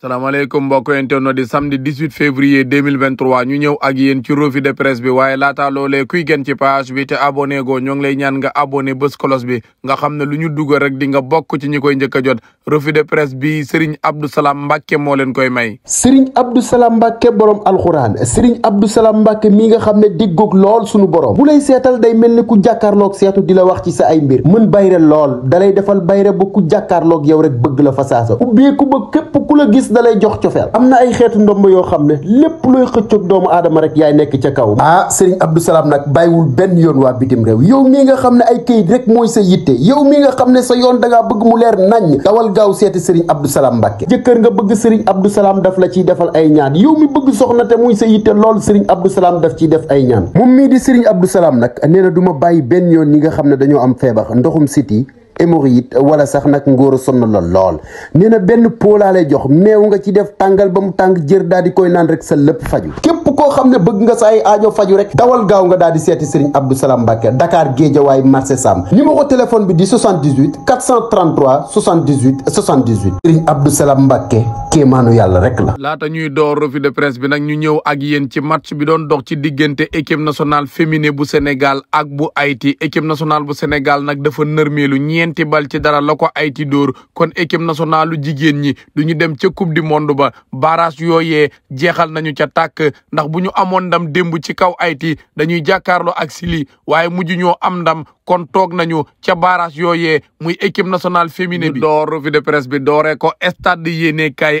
salaamaaleykum mbokk internet di samedi 18 février 2023 ñu ñëw ak yéen ci revue de presse bi waaye laata loolee kuy gën ci page bi te abonné go ñoo ngi lay ñaan nga abonné bés kolos bi nga xam ne lu ñu dugg rek di nga bokk ci ñu koy njëkk a jot revue de presse bi Serigne Abdou Salam Mbacke moo leen koy may. Serigne Abdou Salam Mbacke borom alxuraan Serigne Abdou Salam Mbacke mi nga xam ne diggoog lool sunu borom bu lay seetal day mel ni ku jàkkaarloog seetu di la wax ci sa ay mbir mën bayre lool dalay defal bayre ba ku jàkkaarloog yow rek bëgg la fa saasa ubbeeku ba képp ku la gis bis lay jox cofeel am na ay xeetu ndomb yoo xam ne lépp looy xëccoog doomu aadama rek yaay nekk ca kaw ah sëriñ Abdou salaam nag bàyyiwul benn yoon waa bitim réew yow mii nga xam ne ay këyit rek mooy sa yitte yow mi nga xam ne sa yoon da ngaa bëgg mu leer naññ dawal gaaw seeti sëriñ Abdou salaam Mbàkke jëkkër nga bëgg sëriñ Abdou Salam daf la ciy defal ay ñaan yow mi bëgg soxna te muy sa yitte lool sëriñ Abdou salaam daf ciy def ay ñaan moom mii di sëriñ Abdou nag nee ma bàyyi benn yoon ñi nga xam ne dañoo am feebar ndoxum siti hémorroïde wala sax nag ngóor a sonn la lool nee na benn pot laa lay jox meew nga ci def tàngal ba mu tàng jër daal di koy naan rek sa lépp faju képp koo xam ne bëgg nga sa ay aajo faju rek dawal gaaw nga daal di seeti Serigne Abdou Salam Mbacké Dakar Guédiawaye marché Sam numéro téléphone bi di 78 433 78 78 Serigne Abdou Salam Mbacké kéemaanu yàlla rek la. laata ñuy door revue de presse bi nag ñu ñëw ak yéen ci match bi doon dox ci diggante équipe nationale féminine bu Sénégal ak bu Haïti équipe nationale bu Sénégal nag dafa nërmeelu ñeenti bal ci dara la ko Haïti dóor kon équipe nationale lu jigéen ñi du ñu dem ca coupe du monde ba barrage yooyee jeexal nañu ca tàkk ndax bu ñu amoon ndam démb ci kaw Haïti dañuy jàkkaarloo ak Sili waaye mujj ñoo am ndam kon toog nañu ca barrage yooyee muy équipe nationale féminine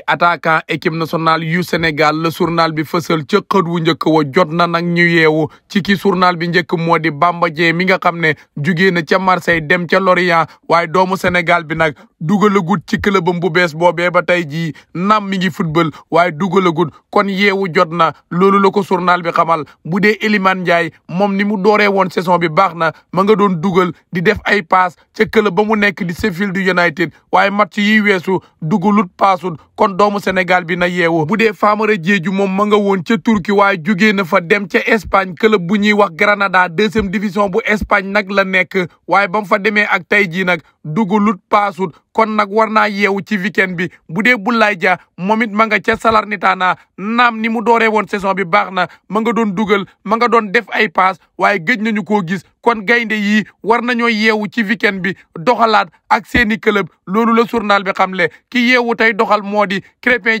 ñaari attaquant équipe nationale yu Sénégal la journal bi fësal ca xët wu njëkk wa jot na nag ñu yeewu ci ki journal bi njëkk moo di Bamba Dieng mi nga xam ne jugee na ca Marseille dem ca Lorient waaye doomu Sénégal bi nag dugalagut ci clubam bu bees boobee ba tey jii naam mi ngi football waaye dugalagut kon yeewu jot na loolu la ko journal bi xamal bu dee Elimane Ndiaye moom ni mu dooree woon saison bi baax na ma nga doon dugal di def ay paas ca ba mu nekk di Sheffield United waaye match yi weesu dugalut kon doomu Sénégal bi na yeewu bu dee Famara Diédhiou moom ma nga woon ca Turquie waaye jugee na fa dem ce Espagne club bu ñuy wax Granada deuxième division bu Espagne nag la nekk waaye ba mu fa demee ak tey jii nag dugulut paasut kon nag war naa yeewu ci weekend bi bu dee Boulaye Dia moom it ma nga ca Salernitana naam ni mu dooree woon saison bi baax na ma nga doon dugal ma doon def ay paas waaye gëj nañu koo gis kon gaynde yi war nañoo yeewu ci weekend bi doxalaat ak seeni club loolu la journal bi xam le ki yeewu tey doxal moo di Krépin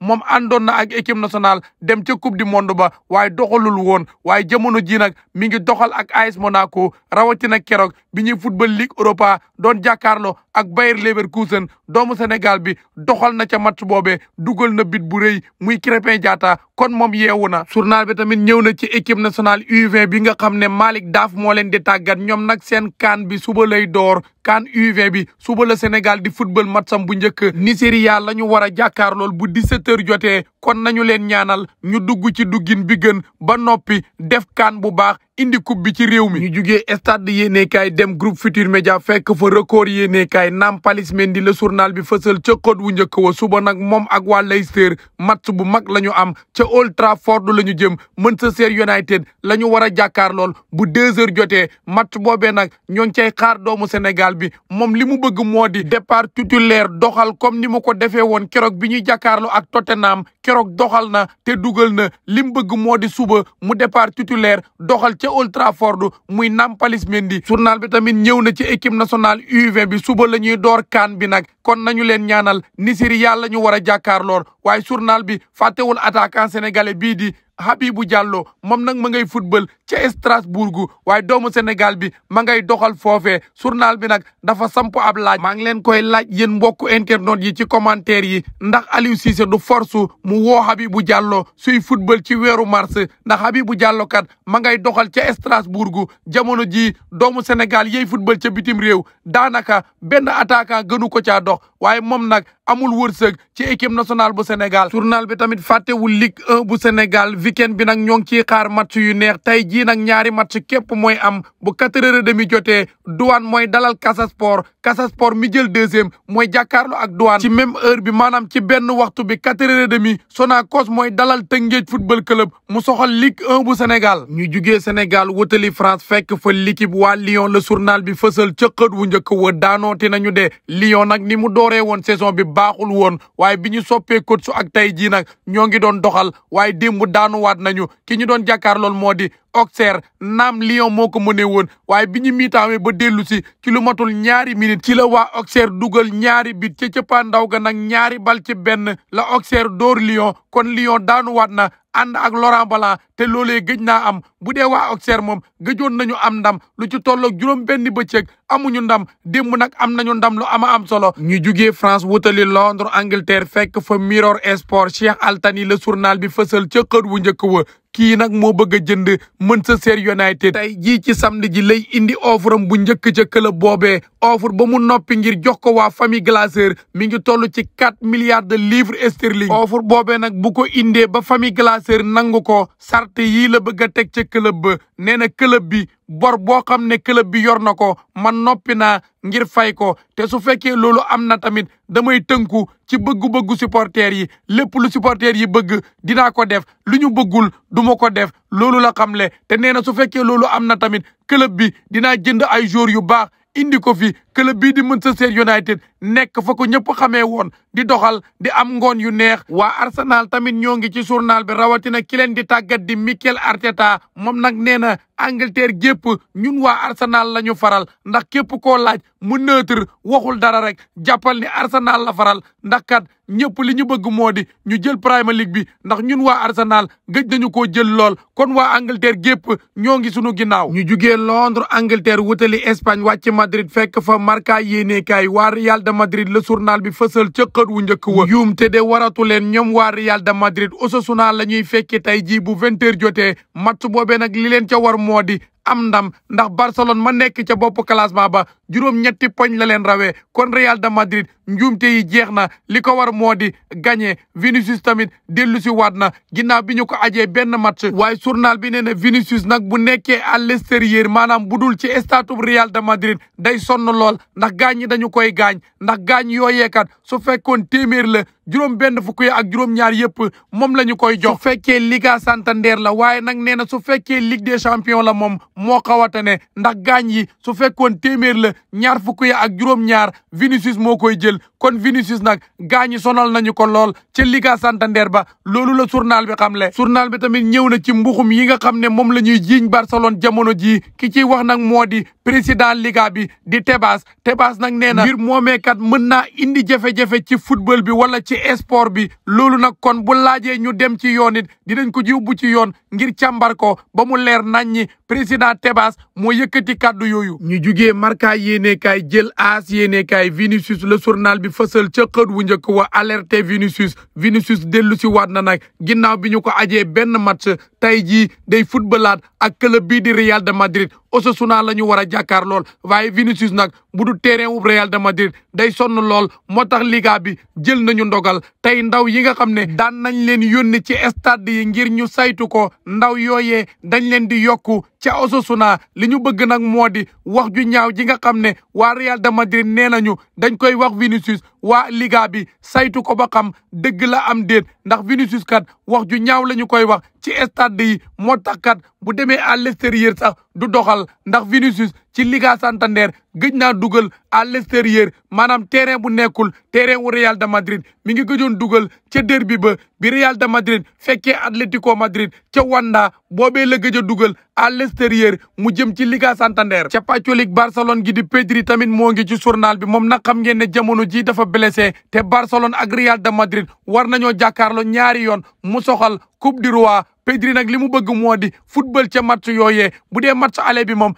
moom àndoon na ak équipe nationale dem ca coupe du monde ba waaye doxalul woon waaye jamono ji nag mi ngi doxal ak AS Monaco rawatina keroog bi ñuy football Ligue Europa doon jàkkaarloo ak Bayer Leverkusen doomu Sénégal bi doxal na ca match boobee dugal na bit bu rëy muy Krépin Diatta kon moom yeewu na journal bi tamit ñëw na ci équipe national u bi nga xam ne Malick Daaf moo leen di tàggat ñoom nag seen kaan bi suba lay door CAN UV bi suba la Sénégal di football matsam bu njëkk Nigéria la ñu war a jàkkaarlool bu 17h jotee kon nañu leen ñaanal ñu dugg ci duggin bi gën ba noppi def kaan bu baax indi coupe bi ci réew mi. ñu jugee stade yéenekaay dem groupe Futur Média fekk fa record yéenekaay Nampalys di la surnal bi fësal ca code wu njëkk wa suba nag moom ak waa Leicester match bu mag la ñu am ca Old Trafford la ñu jëm Manchester United la ñu war a jàkkaarlool bu 2h jotee match boobee nag ñoo ngi cay xaar doomu Sénégal. Sénégal bi moom li mu bëgg moo di départ titulaire doxal comme ni mu ko defee woon keroog bi ñuy jàkkaarloo ak Tottenham keroog doxal na te dugal na li mu bëgg moo di suba mu départ titulaire doxal ca Old Trafford muy Nampalys Mendy journal bi tamit ñëw na ci équipe nationale u bi suba la ñuy door kaan bi nag kon nañu leen ñaanal Nisiri yàlla ñu war a jàkkaarloor waaye journal bi fàttewul attaquant sénégalais bii di Habibou Diallo moom nag ma ngay football ca Strasbourg waaye doomu Sénégal bi ma ngay doxal foofe journal bi nag dafa samp ab laaj. maa ngi leen koy laaj yéen mbokku internautes yi ci commentaire yi ndax Aliou Cissé du force mu woo Habibou Diallo suy football ci weeru mars ndax Habibou Diallo kat ma ngay doxal ca Strasbourg jamono jii doomu Sénégal yey football ca bitim réew daanaka benn attaquant gënu ko caa dox waaye moom nag. amul wërsëg ci équipe national bu Sénégal journal bi tamit fàttewul Ligue 1 bu Sénégal weekend bi nag ñoo ngi ciy xaar match yu neex tey jii nag ñaari match képp mooy am bu quatre heures et demi jotee Douane mooy dalal Casa Sport Casa Sport mi jël deuxième mooy jàkkaarloo ak Douane ci même heure bi maanaam ci benn waxtu bi quatre demi sona demi Sonacos mooy dalal Tëngéej football club mu soxal lik 1 bu Sénégal ñu jugee Sénégal wutali France fekk fa l'équipe waa Lyon le journal bi fësal ca xët wu njëkk wa daanooti nañu de Lyon nag ni mu dooree woon saison bi baaxul woon waaye bi ñu soppee coach su ak tey jii nag ñoo ngi doon doxal waaye démb daanuwaat nañu ki ñu doon jàkkaar lool moo di Auxerre naam Lyon moo ko mënee woon waaye bi ñu miitaamee ba dellu si ci matul ñaari minute ci la waa Auxerre dugal ñaari bit ca cëppaa ndaw ga nag ñaari bal ci benn la Auxerre door Lyon kon Lyon daanuwaat na ànd ak Laurent Blanc te loolee gëj naa am bu dee waa Auxerre moom gëjoon nañu am ndam lu ci tolloog juróom benn bëccëg amuñu ndam démb nag am nañu ndam lu ama am solo ñu jugee France wutali londre Angleterre fekk fa miror Sport Cheikh Altani la bi fësal ca xët wu njëkk wa kii nag moo bëgg a jënd Manchester United tey jii ci samedi ji lay indi offre bu njëkk ca club boobee offre ba mu noppi ngir jox ko waa famille Glazer mi ngi toll ci quatre milliards de livres sterling offre boobee nag bu ko indee ba famille Glazer nangu ko sart yii la bëgg a teg ca club ba nee na club bi bor boo xam ne club bi yor na ko man noppi naa ngir fay ko te su fekkee loolu am na tamit damay tënku ci bëggu-bëggu supporters yi lépp lu supporters yi bëgg dinaa ko def lu ñu bëggul du ko def loolu la xamle te nee na su fekkee loolu am na tamit club bi dinaa jënd ay joueurs yu baax indi ko fi club bii di Manchester United nekk fa ko ñëpp xamee woon di doxal di am ngoon yu neex waa Arsenal tamit ñoo ngi ci journal bi rawatina ki leen di tàggat di Mikel Arteta moom nag nee na Angleterre gépp ñun waa Arsenal la ñu faral ndax képp ko laaj mu neutre waxul dara rek jàppal ni Arsenal la faral ndax kat ñëpp li ñu bëgg moo di ñu jël Premier League bi ndax ñun waa Arsenal gëj nañu koo jël lool kon waa Angleterre gépp ñoo ngi sunu ginnaaw. ñu jugee Londres Angleterre wutali Espagne wàcc Madrid fekk marka yéenekaay waa Real de Madrid le journal bi fësal ca xët wu njëkk wa yuumte de waratu leen ñoom waa Real de Madrid Osasuna la ñuy fekki tey jii bu vingt heures jotee match boobee nag li leen ca war moo di am ndam ndax Barcelone ma nekk ca bopp classement ba juróom-ñetti poñ la leen rawee kon Real de Madrid njuumte yi jeex na li ko war moo di gagné Vinicius tamit dellu si waat na ginnaaw bi ñu ko ajee benn match. waaye journal bi nee na Vinicius nag bu nekkee à l'extérieur maanaam bu dul ci stade Real de Madrid day sonn lool ndax gaañ ñi dañu koy gaañ ndax gaañ yooyeekat su fekkoon téeméer la juróom benn fukk yi ak juróom-ñaar yëpp moom la ñu koy jox. su fekkee Liga Santander la waaye nag nee na su fekkee Ligue des la moom. moo xaw a tane ndax gaañ yi su fekkoon téeméer la ñaar fukk ya ak juróom-ñaar Vinicius moo koy jël kon Vinicius nag gaañ yi sonal nañu ko lool ca Liga Santander ba loolu la surnal bi xam le journal bi tamit ñëw na ci mbuxum yi nga xam ne moom la ñuy jiiñ Barcelone jamono jii ki ciy wax nag moo di président liga bi di Tebas Tebas nag nee na mbir moomeekat mën naa indi jafe-jafe ci football bi wala ci sport bi loolu nag kon bu laajee ñu dem ci yoon it dinañ ko jiw bu ci yoon ngir càmbar ko ba mu leer nañ ñi président Tebas moo yëkkati kàddu yooyu ñu jugee Marca yéenekaay jël AS yéenekaay Vinicius le journal bi fësal ca xët wu njëkk wa alerté Vinicius Vinicius dellu si waat na nag ginnaaw bi ñu ko ajee benn match tey jii dey footballaat ak club bii di Real de Madrid Osasuna la ñu war a jàkkaar lool waaye Vinicius nag bu du terrain wu Real de Madrid day sonn lool moo tax Liga bi jël nañu ndogal tey ndaw yi nga xam ne daan nañ leen yónni ci stade yi ngir ñu saytu ko ndaw yooyee dañ leen di yokku ca Osasuna li ñu bëgg nag moo di wax ju ñaaw ji nga xam ne waa Real de Madrid nee nañu dañ koy wax Vinicius waa Liga bi saytu ko ba xam dëgg la am déet ndax Vinicius kat wax ju ñaaw la ñu koy wax ci stade yi moo tax kat bu demee à l'extérieur sax du doxal ndax Vinicius ci Liga Santander gëj naa dugal à l'extérieur maanaam terrain bu nekkul terrain wu Real de Madrid mi ngi gëjoon dugal ca derbi ba bi Real de Madrid fekkee Atlético Madrid ca Wanda boobee la gëj a dugal à l'extérieur mu jëm ci Liga Santander. ca pàccolik Barcelone gi di Pedri tamit moo ngi ci journal bi moom na xam ngeen ne jamono ji dafa blessé te Barcelone ak Real de Madrid war nañoo jàkkaarloo ñaari yoon mu soxal Coupe du Roi Pedri nag li mu bëgg moo di football ca match yooyee bu dee match aller bi moom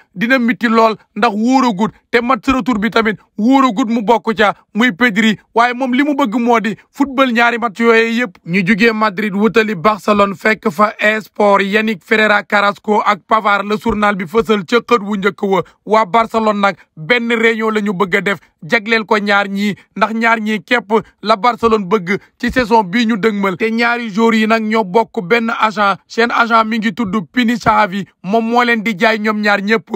lool ndax wóoragut te mat match retour bi tamit wóoragut mu bokk ca muy Pedri waaye moom li mu bëgg moo di football ñaari match yooyu yëpp ñu jugee Madrid wutali Barcelone fekk fa esport yeni Ferreira Carrasco ak Pavard la journal bi fësal ca xët wu njëkk wa waa Barcelone nag benn réunion la ñu bëgg a def jagleel ko ñaar ñi ndax ñaar ñii képp la Barcelone bëgg ci saison bii ñu dëgmal te ñaari joueurs yi nag ñoo bokk benn agent seen agent mi ngi tudd Pini Xavi moom moo leen di jaay ñoom ñaar ñëpp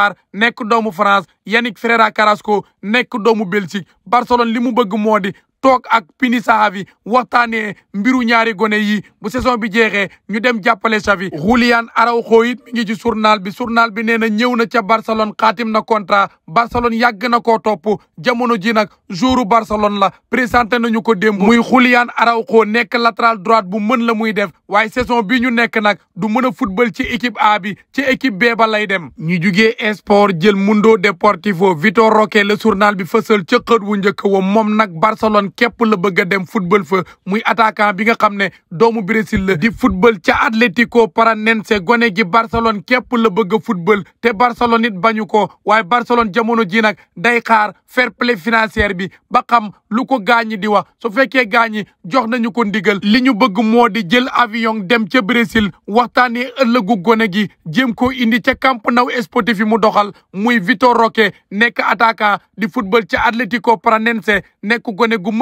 Pavard nekk doomu France Yannick Ferreira Carrasco nekk doomu Belgique Barcelone li mu bëgg moo toog ak Pini Sahavi waxtaanee mbiru ñaari gone yi bu saison bi jeexee ñu dem jàppale Xavi Julián Araujo it mi ngi ci journal bi journal bi nee na ñëw na ca Barcelone xaatim na contrat Barcelone yàgg na koo topp jamono ji nag jouru Barcelone la présenté nañu ko démb muy araw Araujo nekk latéral droite bu mën la muy def waaye saison bi ñu nekk nag du mën a football ci équipe A bi ci équipe B ba lay dem ñu jugee Esport jël Mundo Deportivo Vitor Roque le journal bi fësal ca wu njëkk wa moom nag moom képp la bëgg a dem football fa muy attaquant bi nga xam ne doomu Brésil la di football ca Atlético Paranense gone gi Barcelone képp la bëgg a football te Barcelone it bañu ko waaye Barcelone jamono ji nag day xaar fair play financier bi ba xam lu ko gaañi di wax su fekkee gaañi jox nañu ko ndigal li ñu bëgg moo di jël avion dem ca Brésil waxtaanee ëllëgu gone gi jéem ko indi ca Camp Nou Sportif yi mu doxal muy Vitor Roque nekk attaquant di football ca Atlético Paranense nekk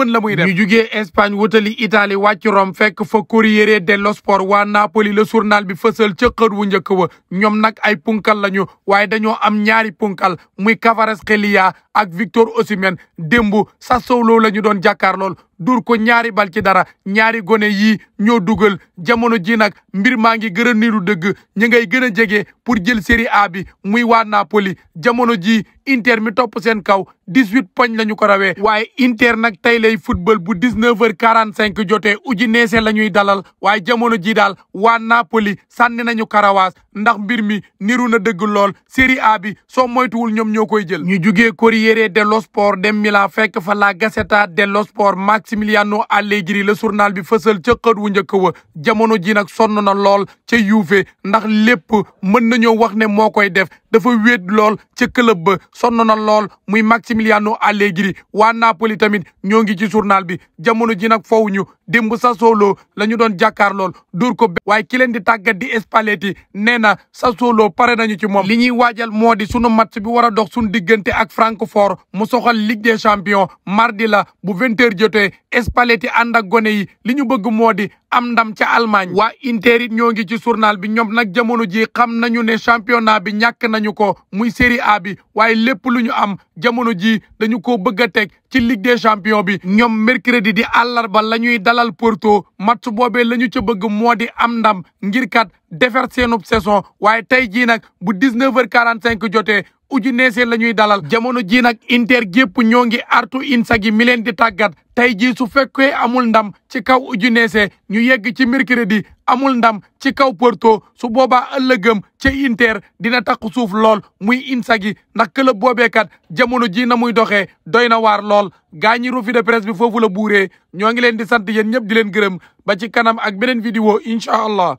mën la muy def ñu jugee Espagne wutali Italie wàcc Rome fekk fo Corriere dello Sport waa Napoli la journal bi fësal ca wu njëkk wa ñoom nag ay punkal lañu waaye dañoo am ñaari punkal muy Kvaratskhelia ak Victor Osimhen démb Sassuolo la ñu doon jàkkaar lool dur ko ñaari bal ci dara ñaari gone yi ñoo dugal jamono ji nag mbir maa ngi gën a niru dëgg ñi ngay gën a jege pour jël série A bi muy waa Napoli jamono ji Inter mi topp seen kaw dix-huit poñ la ñu ko rawee waaye Inter nag tey lay football bu dix-neuf heures quarante-cinq jotee Udinese la ñuy dalal waaye jamono ji daal waa Napoli sànni nañu karawaas ndax mbir mi niru na dëgg lool série A bi soo moytuwul ñoom ñoo koy jël ñu jugee Corriere dello Sport dem Milan fekk fa la Gazzetta dello Sport match Maximiliano Allegri la journal bi fësal ca xët wu njëkk wa jamono ji nag sonn na lool ca Juve ndax lépp mën nañoo wax ne moo koy def dafa wéet lool ca club ba sonn na lool muy Maximiliano Allegri waa Napoli tamit ñoo ngi ci journal bi jamono ji nag foofu ñu démb Sassuolo la ñu doon jàkkaar lool dóor ko be waaye ki leen di tàggat di Spalletti nee na Sassuolo pare nañu ci moom li ñuy waajal moo di sunu match bi war a dox suñu diggante ak Francfort mu soxal Ligue des Champions mardi bu vingt heures jotee Spalletti ànd ak gone yi li ñu bëgg moo di am ndam ca Allemagne mm. waa Inter it ñoo ngi ci journal bi ñoom nag jamono ji xam nañu ne championnat bi ñàkk nañu ko muy Serie A bi waaye lépp lu ñu am jamono ji dañu ko bëgg a teg ci Ligue des champions bi ñoom mercredi di àllarba la ñuy dalal Porto match boobee la ñu ca bëgg moo di am ndam ngir kat defar seenub saison waaye tey jii nag bu 19 h cinq jotee ujuneese la ñuy dalal jamono ji nag Inter gépp ñoo ngi artu Inzaghi mi leen di tàggat tey jii su fekkee amul ndam ci kaw Udinese ñu yegg ci mercredi amul ndam ci kaw Porto su boobaa ëllëgëm ci Inter dina takku suuf lool muy Inzaghi ndax club boobeekat jamono ji na muy doxee doy na waar lool gaa ñi revue de presse bi foofu la buuree ñoo ngi leen di sant yéen ñëpp di leen gërëm ba ci kanam ak beneen vidéo incha allah